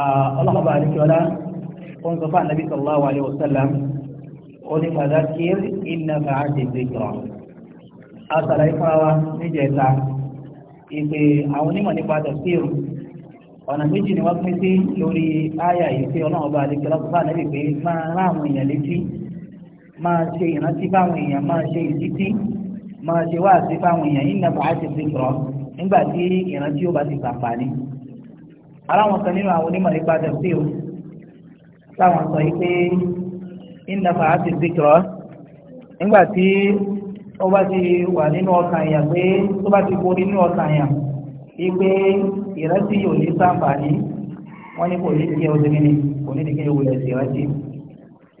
Ah, ọlọ́mọba àdìsọ́lá ó ń sọ fún ànábì sallallahu alaihi wasallam ó ní fadhakkir inna fa'ati dhikra àtàlàyé fún wa níjẹta ìpè àwọn onímọ̀ nípa tẹ̀síìrù ọ̀nà méjì ni wọ́n pín sí lórí àyà yìí pé ọlọ́mọba àdìsọ́lá sọ fún ànábì pé máa rán àwọn èèyàn létí máa ṣe ìrántí fáwọn èèyàn máa ṣe ìsítí máa ṣe wáàsí fáwọn èèyàn inna fa'ati dhikra nígbà tí ìrántí ó bá ti sàǹfààní aláwọn kan nínú àwọn onímọ̀ nípa tẹ̀sí o láwọn sọ yìí pé ìnáfà á ti zikirọ́ nígbà tí ó bá ti wà nínú ọkàn yà pé tó bá ti borí nínú ọkàn yà yìí pé ìrẹsì yóò ní sàǹfààní wọ́n ní kò ní kí ọdún ní kò ní kí ewu ẹ̀sìn ìrẹsì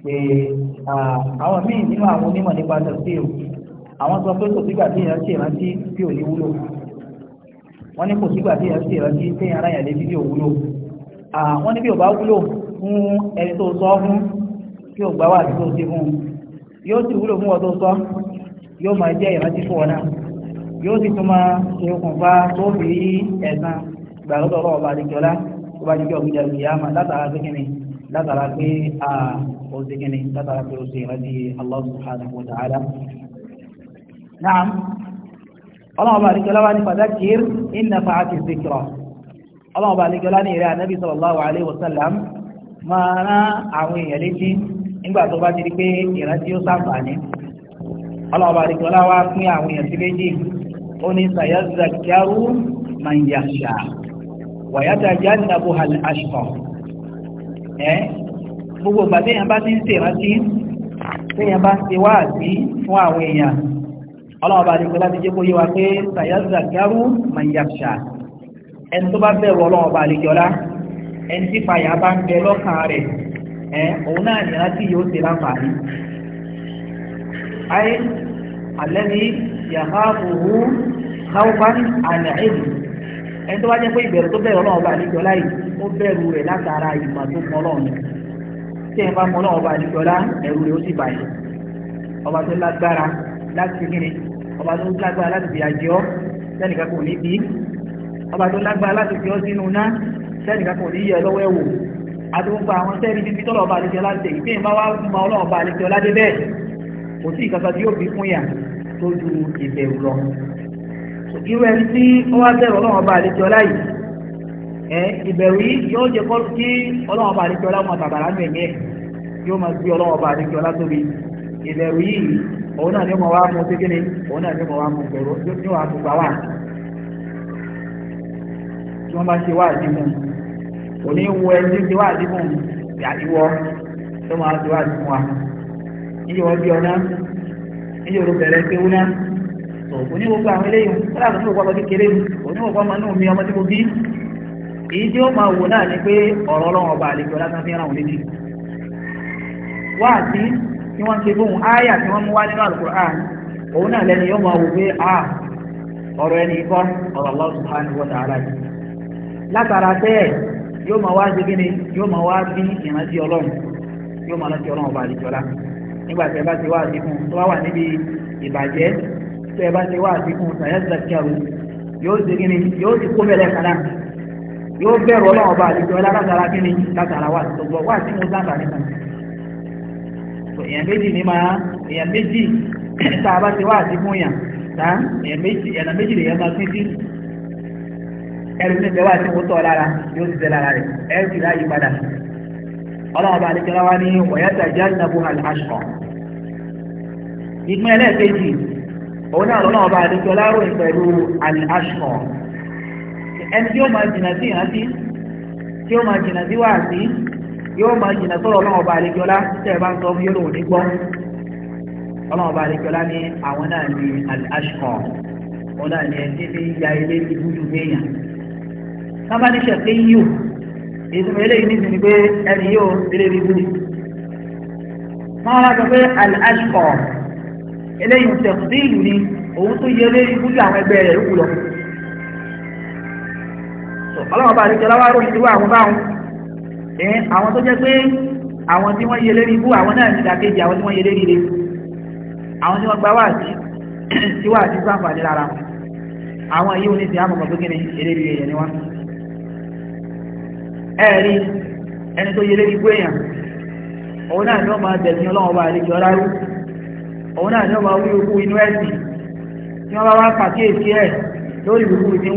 pé àwọn míì nínú àwọn onímọ̀ nípa tẹ̀sí o àwọn sọ pé kò sígbà tí ìrẹsì ìrántí tí ò ní wúlò wọ́n ní kò sígbà tí ẹ̀ ṣe ìrántí tí ara yà lè fi bí òwúlò wọ́n ní bí ò bá wúlò fún ẹni tó sọ fún kí ò gbá wà tí ó ti fún yóò sì wúlò fún ọ tó sọ yóò máa jẹ́ ìrántí fún ọ náà yóò sì tún máa ṣe okùnfà tó fi rí ẹ̀san gbàlódọ̀ ọlọ́wọ́ bá dìjọ́lá tó bá dìjọ́ òkúta ìyáàmà látara pé kíni látara pé ó ti kíni látara pé ó ti ìrántí Allah subhanahu wa ta'ala. Naam ọlọ́ọ̀bá àríkẹ́lá ní fadakir inna fa'ati zikra ọlọ́ọ̀bá àríkẹ́lá ní ìrẹ́ ànábì sallallahu alaihi wasallam máa rán àwọn èèyàn létí nígbà tó bá ti rí pé ìrántí ó sàǹfààní ọlọ́ọ̀bá àríkẹ́lá wá pín àwọn èèyàn sí méjì ó ní sayazakkaru man yakhsha wa yatajannabuha al-ashqa ẹ gbogbo ìgbà bá ti ń ṣèrántí téèyàn bá ń ṣe wáàsí fún àwọn èèyàn ọlọ́ọ̀bá àdìgbò láti jẹ́ kó yé wa pé sàyẹ́sà gárú mayàṣà ẹni tó bá bẹ̀rù ọlọ́ọ̀bá àdìgbòlá ẹni tí fàyà bá ń bẹ lọ́kàn rẹ̀ ẹ òun náà nìyàrá tí yóò ṣe láǹfààní. ayé alẹ́ ni yàrá òwú káwọ́fán àlẹ́ẹ̀lì ẹni tó bá jẹ́ pé ìbẹ̀rù tó bẹ̀rù ọlọ́ọ̀bá àdìgbòlá yìí ó bẹ̀rù rẹ̀ látara ìmọ̀ tó mọ́ ọlọ́run ọba tó lágbára láti ṣe kíni ọba tó lágbára láti fi àjọ sẹ́nìkan kò ní bí ọba tó lágbára láti fi ọ́ sínú ná sẹ́nìkan kò ní yẹ lọ́wọ́ ẹ̀wò àdúgbò àwọn sẹ́ni bíbí tọ́lọ̀ ọba àlejò láti èyí tẹ́yìn bá wá mọ ọlọ́run ọba àlejò ládé bẹ́ẹ̀ kò sí ìkankan tí yóò fi fún yà tó ju ìbẹ̀rù lọ. irú ẹni tí ó wá bẹ̀rù ọlọ́run ọba àlejò ọlá yìí ẹ ìbẹ̀rù yìí yóò jẹ kọ́ kí ọlọ́run ọba àlejò ọlá mọ bàbàrà nù ẹ̀mí ẹ̀ yóò máa gbé ọlọ́run ọba àlejò ọlá tóbi ìbẹ̀rù yìí òun náà ni ó mọ̀ wá mú síkíní òun náà ni ó wá mú ní wàá tó gbà wá tí wọ́n bá ṣe wá àdìmú òní ẹni tí tó máa ṣe wá wọ́n bí ọ̀nà ọba àlejò tí wọ́n ṣe fóun áyà tí wọ́n mú wá nínú Al-Qur'an òun náà lẹ́nu yóò máa wò pé a ọ̀rọ̀ ẹni kọ́ ọ̀rọ̀ Allah subhanahu wa ta'ala yìí látara bẹ́ẹ̀ yóò máa wá ṣe kí ni yóò máa wá bí ìrántí ọlọ́run yóò máa rántí ọlọ́run ọba àdìjọ́lá nígbà tẹ́ bá ti wá àdìkún tó wà níbi ìbàjẹ́ tẹ́ bá ti wá àdìkún sàyẹ́sàkẹ́rù yóò ṣe kí yóò ti kó mẹ́lẹ̀ èèyàn méjì ní máa èèyàn méjì tá a bá ti wá àti fún yàn tá èèyàn méjì èèyàn méjì lè yẹn máa pín sí ẹrù ní ìbẹ̀wò àti wòótọ́ lára yóò ti tẹ́ lára rẹ̀ ẹrù ti ráyè padà ọlọ́run bá àdékẹ́lá wá ní wọ̀yẹ́tà jáde-nàbó àṣọ ìpín ẹlẹ́ẹ̀kejì òun náà lọ́nà ọba àdékẹ́lá ròyìn pẹ̀lú àṣọ ẹni tí ó máa jìnnà sí ìrántí tí ó máa jìnnà sí wáàsí yóò máa jìnà sọ̀rọ̀ ọlọ́run ọba àlejòlá tẹ́ ẹ bá ń sọ fún yóò ní gbọ́ ọlọ́run ọba àlejòlá ní àwọn náà ní al-ashqa wọn náà ní ẹni tí ń ya ilé ní gúdù méèyàn sábà níṣẹ́ pé yíò ìtumọ̀ eléyìí níbi ni pé ẹni yóò délé ní gúdù máa wá sọ pé al eléyìí ń tẹ̀kù sí ìlú ni òun tó yẹ lé gúdù àwọn ẹgbẹ́ rẹ̀ lókù lọ ọlọ́run ọba àlejòlá wá rò ee àwọn tó jẹ́ pé àwọn tí wọ́n yẹ lérí ibú àwọn náà ní ìdàkejì àwọn tí wọ́n yẹ lérí ire àwọn tí wọ́n gba wáàsí tí wáàsí sáǹfààní lára wọn àwọn yìí wọn ní ti àmọ̀mọ̀ pé kíni eléri ire yẹn ni wọ́n. ẹ ẹni tó yẹ lérí ibú èèyàn òun náà ni wọ́n máa tẹ̀sí ọlọ́wọ́n bá àlejò ọlá rú òun náà ni wọ́n máa wí ikú inú ẹ̀sìn tí wọ́n bá wá pàkíyèsí ẹ̀ lórí ti ń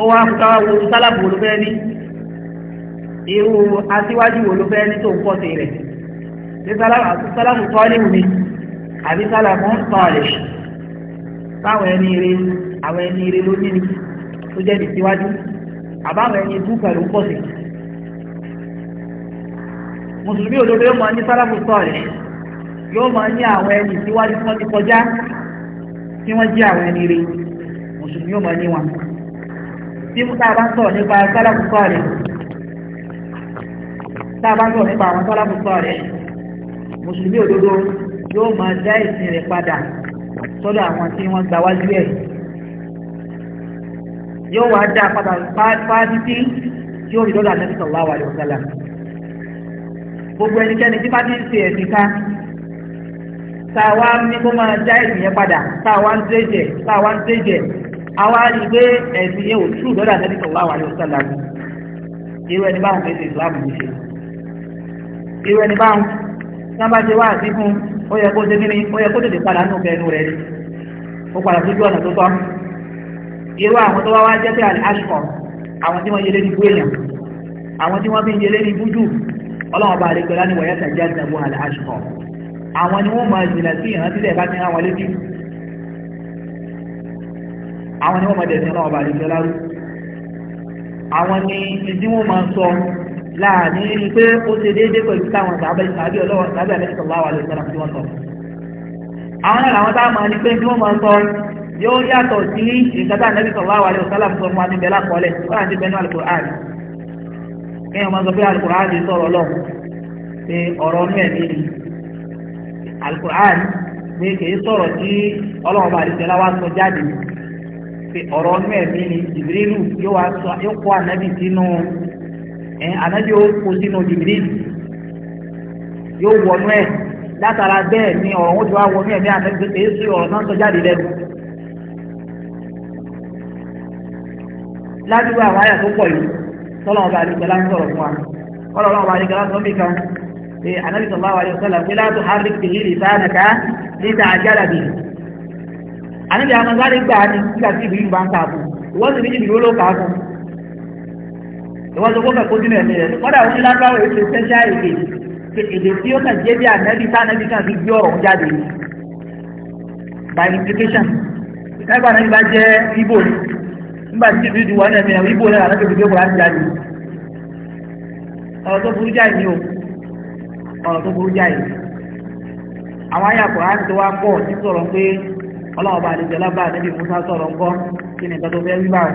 ó wá káwá wo sálàbù wo ló fẹ́ ní irú aṣíwájú wo ló fẹ́ ní tó ń pọ̀ sí rẹ̀ ṣé sálàbù tọ́lẹ̀ mi àbí sálàbù ń tọ́lẹ̀ báwọn ẹni ire àwọn ẹni ire ló ní ni tó jẹ́ ìsíwájú àbáwọn ẹni ibú pẹ̀lú pọ̀ sí. mùsùlùmí òdodo yóò máa ní sálàbù tọ́lẹ̀ yóò máa ní àwọn ẹni ìsíwájú tí wọ́n ti kọjá tí wọ́n jẹ́ àwọn ẹni ire mùsùlùmí yóò máa ní wọn tí tá a bá ń sọ̀rọ̀ nípa sálàfù sọ̀rẹ̀ tá a bá ń sọ̀rọ̀ nípa àwọn sálàfù sọ̀rẹ̀ mùsùlùmí òdodo yóò máa dá ìsìn rẹ̀ padà sọ́dọ̀ àwọn tí wọ́n gbà wájú ẹ̀ yóò wá dá padà fáadìtì tí ó rí lọ́dọ̀ àti sallallahu alaihi wasallam gbogbo ẹnikẹ́ni tí bá ti ń ṣe ẹ̀sìn ká tá ní kó máa dá ìsìn yẹn padà tá ń dé jẹ ń dé àwa rí i pé ẹ̀sìn yẹn ò tún lọ́dà nẹ́bí sọ̀rọ̀ àwọn àríwá sọ̀rọ̀ àbí irú ẹni báwọn fèsì ìsìláàmù ní ṣe irú ẹni báwọn tí wọ́n bá ṣe wá àti fún ó yẹ kó débi ó yẹ kó tètè padà nù kẹnu rẹ̀ ni ó padà sójú ọ̀nà tó tọ́ irú àwọn tó wá wá jẹ́ pé àlè ashkọ̀ àwọn tí wọ́n yẹlé ní ibú èèyàn àwọn tí wọ́n fi yẹlé ní ibú jù ọlọ́wọ́n bá àwọn ni wọ́n máa dẹ̀sìn náà bá àdìsẹ́ lárú àwọn ni ìdí wọn máa sọ láàrin ní pé ó ṣe déédéé pẹ̀lú táwọn tàbí ọlọ́wọ́ tàbí àlẹ́sọ̀ wà wà lẹ́sọ̀rọ̀ tí wọ́n sọ àwọn náà làwọn táwọn máa ní pé bí wọ́n máa sọ yóò yàtọ̀ sí ìgbàdá ànábì sallallahu alaihi wasallam sọ fún aníbẹ̀ lápọ̀ọ́lẹ̀ wọ́n àti bẹnu alukur'an kí wọ́n máa sọ pé alukur'an ti sọ̀rọ̀ lọ pé ọ̀rọ̀ ọ̀nú ẹ̀mí ni alukur'an pé kì í sọ̀rọ̀ tí ọlọ́run pé ọ̀rọ̀ ọ̀nú ẹ̀mí ni jìbìrìlù yóò wá sọ yóò kó ànábì sínú ẹ̀ ànábì yóò kó sínú jìbìrìlù yóò wọnú ẹ̀ látara bẹ́ẹ̀ ni ọ̀rọ̀ wọn ti wá wọnú ẹ̀mí ànábì pé èsù ọ̀rọ̀ náà sọ jáde lẹ́nu. ládùúgbò àwọn àyà tó pọ̀ yìí tọ́lọ̀ ọba àdìgbẹ́ láti sọ̀rọ̀ fún wa ọlọ́run ọba àdìgbẹ́ láti sọ́mí kan ànábì sọ̀rọ̀ àníbi àwọn sáré gbà ní nígbà tí ìbílí bá ń ta àbò ìwọ́n sì ní ìbílí ó ló kà á fún ìwọ́n sọ fọ́fẹ́ kójú náà nìyẹn kọ́dà òun lágbára èso sẹ́ṣá èdè èdè tí ó kàn jẹ́ bí ànẹ́bí tá ànẹ́bí kan fi gbé ọ̀rọ̀ jáde by implication nígbà náà bá jẹ́ ibo ni nígbà tí ìbílí wà náà mìíràn ibo náà ànẹ́bí gbé ọ̀rọ̀ jáde ọ̀rọ̀ tó burú jáì ni o ọ̀rọ̀ tó burú jáì àwọn ayàkùnrin tó wá pọ̀ sí sọ̀rọ̀ pé ọlọ́wọ́ bá àdìjọ lábá àdìjọ musa sọ̀rọ̀ ńkọ́ kí ni nǹkan tó fẹ́ wí báwọn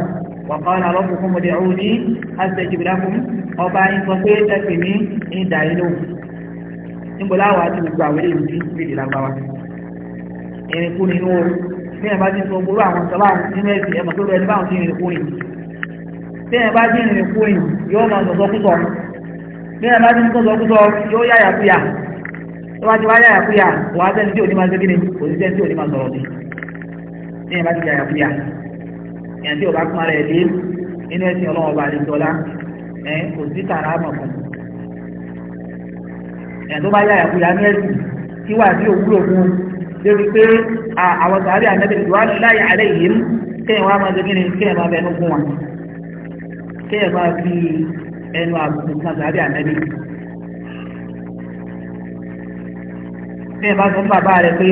wàkọ́lá lọ́pù fún mọ̀dé òun ní àṣẹjìbìlákùn ọba ń sọ pé ẹ̀sìn ní ìdá ìlú níbo láwọ̀ àti gbogbo àwọn èèyàn ní ìbìdì lágbára ìrìnkú nínú o bí ẹ bá ti sọ gbogbo àwọn sọlá nínú ẹ̀sìn ẹ̀mọ̀ tó rẹ̀ ní báwọn ti ti ìrìnkú rìn yóò bí ẹ bá ti sọ̀sọ́ kúsọ ní ìbá ti jàyà fúyà èèyàn tí ò bá pọn rẹ̀ dé nínú ẹ̀sìn ọlọ́run ọba àdìsọ́lá ẹ̀ kò sí tààrà àmọ̀ fún èèyàn tó bá jàyà fúyà ní ẹ̀sìn kí wà sí òwúrò fún lórí pé àwọn sàárẹ̀ ànábẹ̀ tó wà ní láyé àlẹ́ yìí mú kéèyàn wá máa ṣe kí kéèyàn máa bẹnu fún wọn kéèyàn máa fi ẹnu àbùkù sàárẹ̀ ànábẹ̀ kéèyàn bá sọ fún bàbá rẹ̀ pé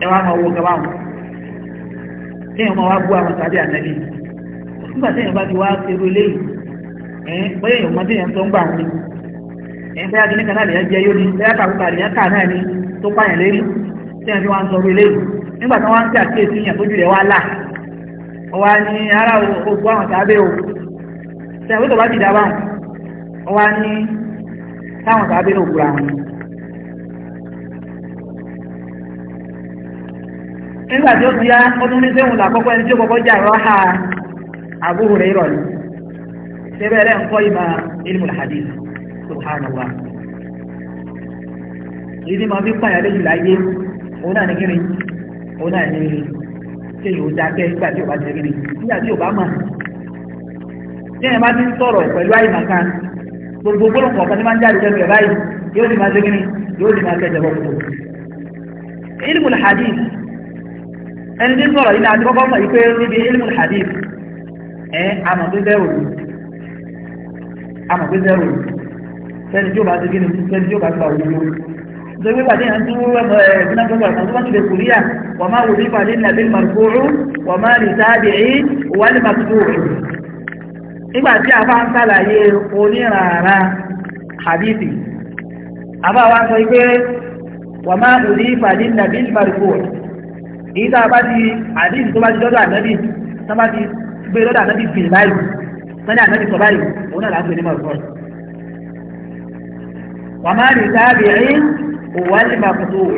ẹ wá máa wo kaba wọn kéèyàn máa wá bú àwọn sábẹ́ ànábì nígbà téèyàn bá ti wá ṣerú eléyìí ẹ bóyá èèyàn mọ téèyàn tó ń gbà wọn ni ẹ bóyá kí ní kan náà lè jẹ yóò ní bóyá kàkúkà lè kà náà ni tó pààyàn lérí téèyàn fi wá ń sọ orí eléyìí nígbà tí wọ́n ń tẹ àkíyèsí yàn tójú rẹ̀ wá là ọwọ́ ni ara ògbó àwọn sábẹ́ o tẹ̀wé tó bá ti dá báwọn ọwọ́ ni táwọn sábẹ́ náà kúra wọn. nígbà tí ó ti yá ó ní sẹ́wọ̀n làkọ́kọ́ ẹni tí ó kọ́kọ́ jà rọ́hà Abu ịma ni sẹ́bẹ̀ rẹ̀ ń kọ́ ìmọ̀ ìdí máa fi pààyàn lójú láyé òun náà ní kíni òun náà ní kéèyàn ó dákẹ́ nígbà tí ò bá ti kíni nígbà tí bá mọ̀ ẹ̀ ti sọ̀rọ̀ pẹ̀lú gbogbo gbólóhùn ọ̀kan tí máa ń jáde báyìí yóò ti máa ṣe kíni yóò ẹni tí sọ̀rọ̀ yìí láti kọ́kọ́ mọ̀ wípé níbi ilmul hadith ẹ amọ̀gbẹ́sẹ̀ òru amọ̀gbẹ́sẹ̀ òru sẹ́ni tí ó bá ti gíni sẹ́ni tí ó bá ti bá òru lórí nítorí pàdé yẹn tó ẹ̀ ẹ̀dínà tó bá tó bá ti lè kúríyà wà máa wòlí pàdé nàbí màrúkúrú wà máa lè sáàbì ẹ̀ wà lè màrúkúrú nígbà tí a bá ń sàlàyé oníràrà hadithi a bá wá sọ pé wà máa wòlí pàdé nàbí màrúkúrú èyí tá a bá ti àdéhùn tó bá ti dọ́dọ̀ ànábì tó bá ti gbé dọ́dọ̀ ànábì bìrì báyìí sani ànábì sọ báyìí òun náà láti ní mọ̀ọ́fọ́. wà má rí sáàbì rí òwò àti máa òwe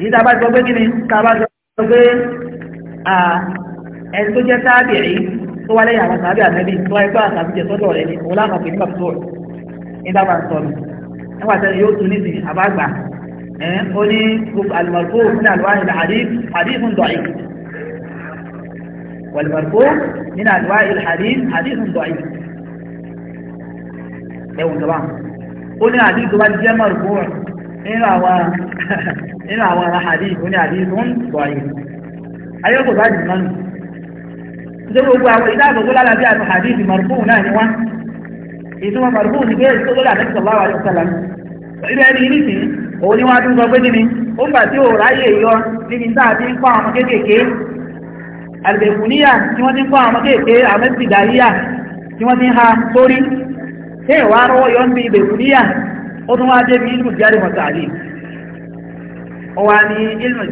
èyí tá a bá ti sọ pé kí ni tá a bá ti sọ pé ẹni tó jẹ́ sáàbì rí tó wálé yàrá sáàbì ànábì tó wáyé pé àtàbí jẹ sọ́dọ̀ rẹ ni òun láwọn kò ní mọ̀ọ́fọ́ ó ní almarfu nínú àlùwáhì alhadith hadithun da'if walmarfu nínú àlùwáhì alhadith hadithun da'if ẹwùn gaba ó ní hadith tó bá jẹ́ marfu nínú àwọn alhadith ó ní hadithun da'if ayọ́kọ̀ bá jù mọ́nù nítorí gbogbo àwọn ìdáàbòbò lálàbí àti hadith marfu náà ni wọ́n ìtumọ̀ marfu ni pé ìtọ́gbọ́lá àti sọ̀lá wà ní ọ̀sán lánàá ní ìsìn òun ni wọ́n á tún sọ pé kíni ó gbà tí ò ráyè yọ níbi tá a ti ń kọ́ àwọn kéékèèké tí wọ́n ti ha sórí tí ìwà rọwọ́ yọ ń bí ìbẹ̀kùníyà ó tún wá débi ilmu jáde wọ̀ tààlì ó wá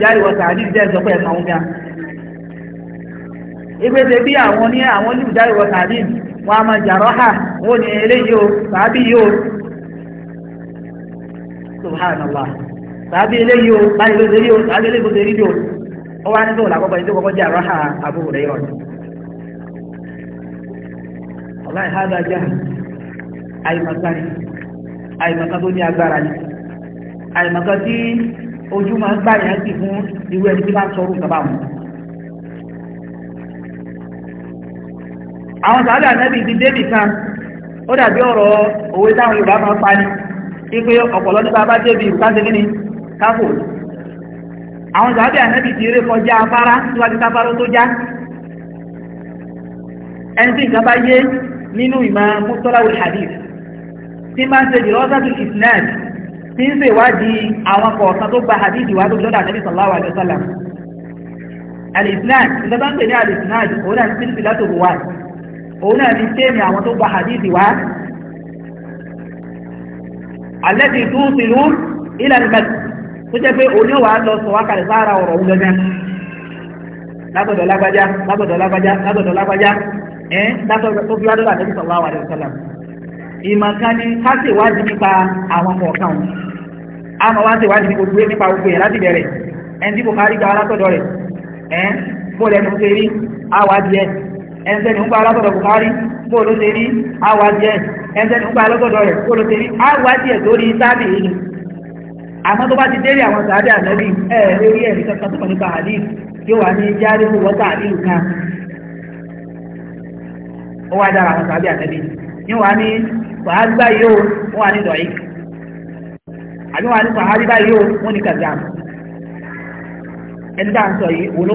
jáde wọ̀ jẹ́ ìsọpẹ́ ẹ̀ka oúnjẹ ìgbésẹ̀ bí àwọn ní àwọn jáde wọn a máa wọn o subhanallah tàbí eléyìí o o tàbí eléyìí o tàbí o ó wá ha dá já àyèmọ̀ká ni àyèmọ̀ká tó ni àyèmọ̀ká tí ojú máa ń gbàyàn ma àwọn sàádà nẹ́bí ti débì kan ó ipe ọ̀pọ̀lọ́ nípa bá débi ìkáṣe gíní káfò àwọn ìsàbí ànábì ti eré kọjá afárá síwájú káfárá tó já ẹni tí nǹkan bá yé nínú ìmọ̀ mustalawu hadith tí máa ń ṣe dirasatu isnad tí ń ṣe ìwádìí àwọn kọ̀ọ̀kan tó gba hadith wá tó lọ́dọ̀ ànábì sallallahu alaihi wasallam al-isnad nǹkan tó ń pè ní al-isnad òun náà ní sílùfì látòkù wá òun náà ní kéèmì àwọn alẹ́dì tó ń sinú ilẹ̀ nìbẹ̀tì tó jẹ́ pé oníwà lọ sọ wákàlẹ̀ sára ọ̀rọ̀ òun gẹ́gẹ́ látọ̀dọ̀ lágbájá látọ̀dọ̀ lágbájá látọ̀dọ̀ lágbájá ẹ̀ látọ̀dọ̀ tó fi wádọ́lá àdébí sallallahu alaihi wasallam ìmọ̀kan ni ká sì wádìí nípa àwọn kọ̀ọ̀kan wọn a máa wá sí ìwádìí gbogbo nípa gbogbo yẹn láti ń gba látọ̀dọ̀ Bukhari bó ló ṣe rí awádìí ẹ̀ ẹnjẹ́ nípa lọ́gọ́dọ̀ rẹ̀ kó ló ti rí àwádìí ẹ̀ lórí sáàbì yìí àmọ́ tó bá ti délé àwọn sàádé ànábì ẹ̀ lórí ẹ̀rí kankan tó kàn nípa ní jáde fún wọ́tà ó wá dára àwọn sàádé ànábì ní wọ́n ní dọ̀yì àbí wọ́n ní kàjá ẹni tá à ń sọ yìí òun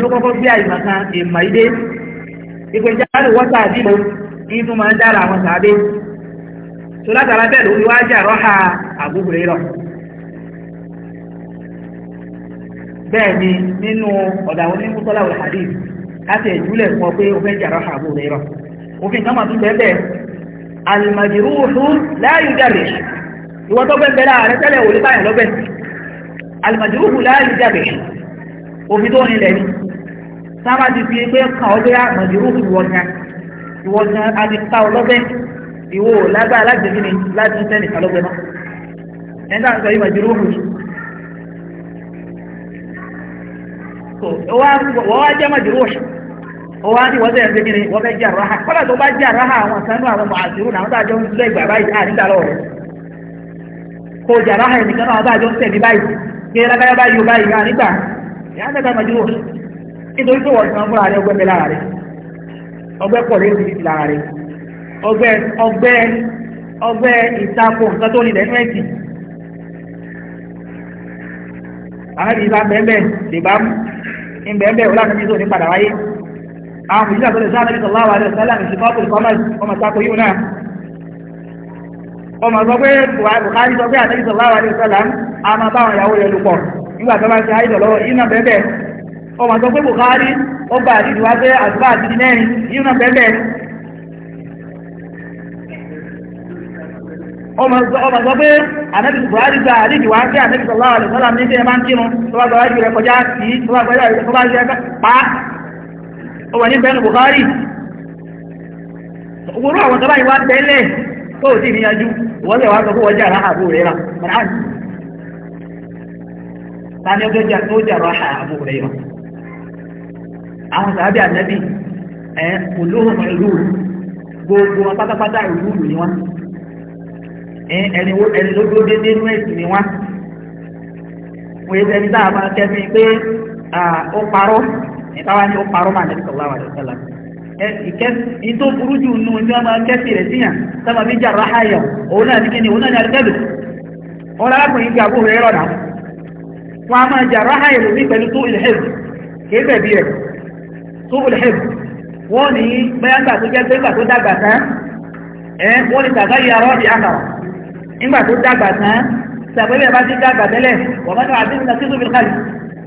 ló kọ́kọ́ gbé ìdún máa ń dára àwọn sàábé tó látara bẹ́ẹ̀ ló fi wá jà rọ́ha àbúrò rọ bẹ́ẹ̀ ni nínú ọ̀dà àwọn onímọ̀tọ́lá wal hadith láti ẹ̀júlẹ̀ fún ọ pé o fẹ́ jà rọ́ha àbúrò rọ òfin kan máa tún bẹ́ẹ̀ bẹ́ẹ̀ al-majruhu la yujarrih ìwọ́n tó bẹ́ẹ̀ bẹ́ẹ̀ rẹ tẹ́lẹ̀ wòlé báyìí lọ́bẹ̀ al-majruhu la yujarrih òfin tó nílẹ̀ ni sábà ti fi pé kàn ọ́ bẹ́ẹ̀ al-majruhu wọ̀nyẹn ìwọ gan adi ká ìwọ ni láti ń tẹ́lẹ̀ náà ẹni sọ yìí wọ́n wá jẹ́ màjú rúhù wọ́n wá ní wọ́n tẹ̀lé ṣe kí wọ́n fẹ́ jẹ́ àráhà kọ́lá tó bá jẹ́ àwọn àwọn màásìrù náà ń jẹ́ náà ọgbẹ́ pọ̀ lẹ́yìn títí lára rẹ̀ ọgbẹ́ ọgbẹ́ ọgbẹ́ ìtakò nǹkan tó ní lẹ́nu ẹ̀sìn àárín ìlà bẹ́ẹ̀ lèbá ń bẹ́ẹ̀ wọ́n láti tó ní padà wáyé àwọn òṣìṣẹ́ àtọ́lẹ̀ sáà nàbí sọ̀lá wà lẹ́sẹ̀ sálà ní ṣùgbọ́n ọmọ ìtakò yìí náà ọmọ sọ pé Buhari sọ pé àtẹ́bí sọ̀lá wà lẹ́sẹ̀ sálà á máa báwọn ìyàwó rẹ̀ lù pọ̀ nígbà tó bá ń ṣe àìsàn lọ́wọ́ iná bẹ́ẹ̀ ọmọ àjọ pé Bukhari ó àdìdì wá pé àdúrà àdìdì mẹ́rin yìí náà bẹ́ẹ̀ bẹ́ẹ̀ ọmọ àjọ pé ànábì Bukhari gba àdìdì wá pé ànábì sallallahu alaihi wasallam ní sẹ́yìn máa ń kírun kọjá sí pa ọmọ ní bẹ́ẹ̀ àwọn tẹ́lẹ̀ tó wá sọ ọjọ́ àwọn sàábì ànábì ẹ kò lóhùn ìlú gbogbo wọn pátápátá ìlú ni wọn ẹni ló dúró déédéé nínú ni wọn wọ́n yẹ ẹni a máa kẹ́mi pé ó parọ́ ìtawá ni ó parọ́ máa nẹ́bí sallallahu alaihi wasallam ìkẹ́sì tó burú jù nù ní kẹ́sì rẹ̀ síyàn sábà jàrá ayọ̀ òun náà òun náà ní wọn a máa jàrá ayọ̀ pẹ̀lú tó ilẹ̀ túbùlù hẹ́b wọ́n ní bẹ́yàgbà tó jẹ́ pẹ́gbà tó dàgbà tán ẹ̀ wọ́n ní tàgbà yìí arọ́ ìyàkà nígbà tó dàgbà tán sàgbẹ́bẹ̀ bá ti dàgbà tẹ́lẹ̀ wọ́n bá náà àdéhùn ndị tóbi kálí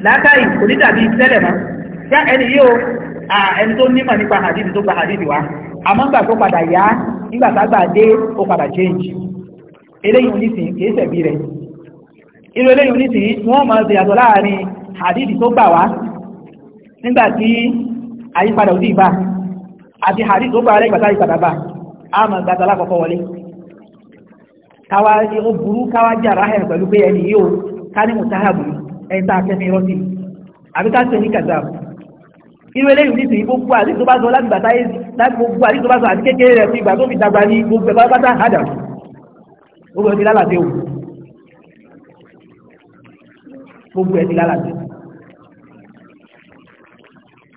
látàrí kò ní dàbí tẹ́lẹ̀ mọ́ yá ẹni yóò ẹni tó nímọ̀ nípa hadith tó gba wa àmọ́ tó padà yá dé ó padà change eléyìí àyípadà òdì ìbá àti hadith tó bá rẹ̀ ìgbàtà ìpadà bá a mọ̀ gbàtà lákọ̀ọ́kọ́ wọlé káwá ní ó burú káwá jẹ́ ara ẹ̀ pẹ̀lú pé ẹni yóò ká ní mùtáhàbù ẹni tá a kẹ́mi rọ́tì àbí ká sẹ́ni kàzá irú eléyìí ní sèyí gbogbo àti tó bá sọ láti gbàtà láti gbogbo àti tó bá sọ àti kékeré rẹ̀ fún ìgbà tó fi dàgbà ní gbogbo ẹ̀ pátá hàdà gbogbo o gbogbo ẹ̀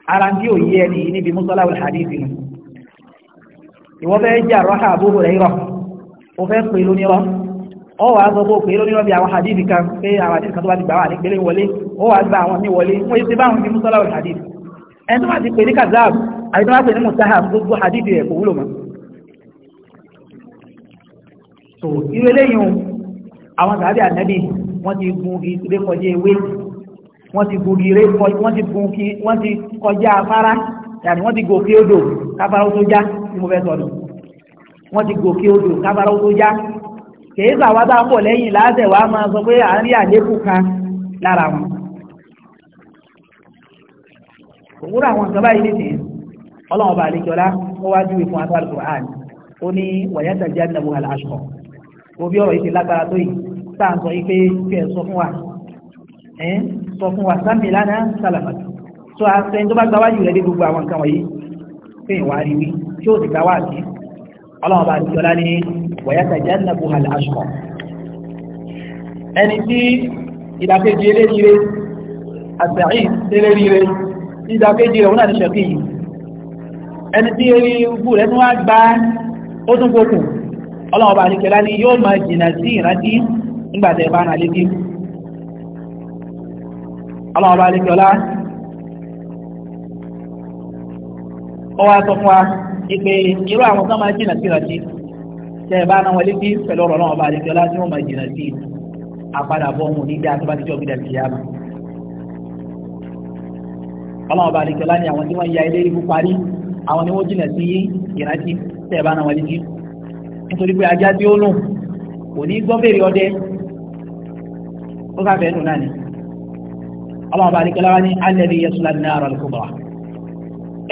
ara tí ò ẹni níbi mọ́sálà alhadithi nù iwọ fẹ́ jà rọ́hà àbúrò rẹ̀ o ó fẹ́ pè lónírọ́ ọ wàá sọ bó pè lónírọ́ bí àwọn hadithi kan pé àwọn hadithi kan tó bá ti gbà wà ní pélé wọlé ó wàá gba àwọn wọlé ti alhadithi ẹni tó bá ti pè ní àti tó bá pè ní gbogbo hadithi kò wúlò so wọ́n ti gun gire wọ́n ti gun kí wọ́n ti kọjá afárá yàtọ̀ wọ́n ti gòkè odò kábàrà ó tó já tí mo fẹ́ sọ̀rọ̀ wọ́n ti gòkè odò kábàrà ó tó já kèé sàwọn bá pọ̀ lẹ́yìn láàṣẹ̀ wàá máa sọ pé à ń rí àlékún kan lára wọn. òwúrọ̀ àwọn nǹkan báyìí nìsín ọlọ́run àlejòlá ó wá júwe fún atal quran ó ní wàyàtà jẹ́ àdínàbò àlàṣọ òbí ọ̀rọ̀ yìí ẹ̀ sọ fún wa sáàmì lánàá sálàmàtì tó a sọ ẹni tó bá gba wájú rẹ̀ dé gbogbo àwọn nǹkan wọ̀nyí pé ìwà rí wí tí ó sì gba wáàsí ọlọ́run bá ti ọlá ní wọ̀yáta jẹ́ nàbó hàlẹ́ aṣọ ẹni tí ìdàkejì eléríire àtẹ̀rí eléríire ìdàkejì rẹ̀ wọn náà ti ṣẹ̀kì yìí ẹni tí eré ibú rẹ̀ tún wá gba ó tún gbókùn ọlọ́run bá ọlá ní yóò máa jìnnà sí ìrántí nígbà bá ń alẹ́ ọlọ́wọ́ bá lè kíọ́lá ó wá sọ fún wa ìpè irú àwọn kan máa jìnà sí ìrántí tẹ́ ẹ bá náà wọlé sí pẹ̀lú ọ̀rọ̀ ọlọ́wọ́ bá lè kíọ́lá tí wọ́n máa jìnà sí àpadàbọ̀ wọn nígbà tó bá ti jọ gbídà sí yàrá ọlọ́wọ́ bá lè kíọ́lá ni àwọn tí wọ́n ya ilé ibú parí àwọn ni wọ́n jìnà sí ìrántí tẹ́ ẹ bá náà wọlé sí nítorí pé ajá tí ó lù kò ní gbọ́ bèrè ọdẹ ó sáfẹ́ nù náà ni. Allah bá àríkẹ́lá wá ní alẹ́lẹ́ yẹsùlá ní ara lùkùbà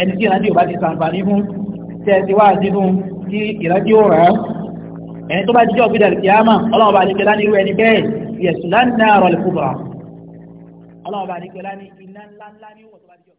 ẹni tí ìrìnàjò bá ti sàǹfààní fún tẹ́ẹ̀sì wá sí fún tí ìrìnàjò rẹ̀ ẹni tó bá jíjọ́ gbé dàrí kìámà Allah bá àríkẹ́lá ní irú ẹni bẹ́ẹ̀ yẹsùlá ní ara lùkùbà Allah bá àríkẹ́lá ní iná ńláńlá ní wọ́n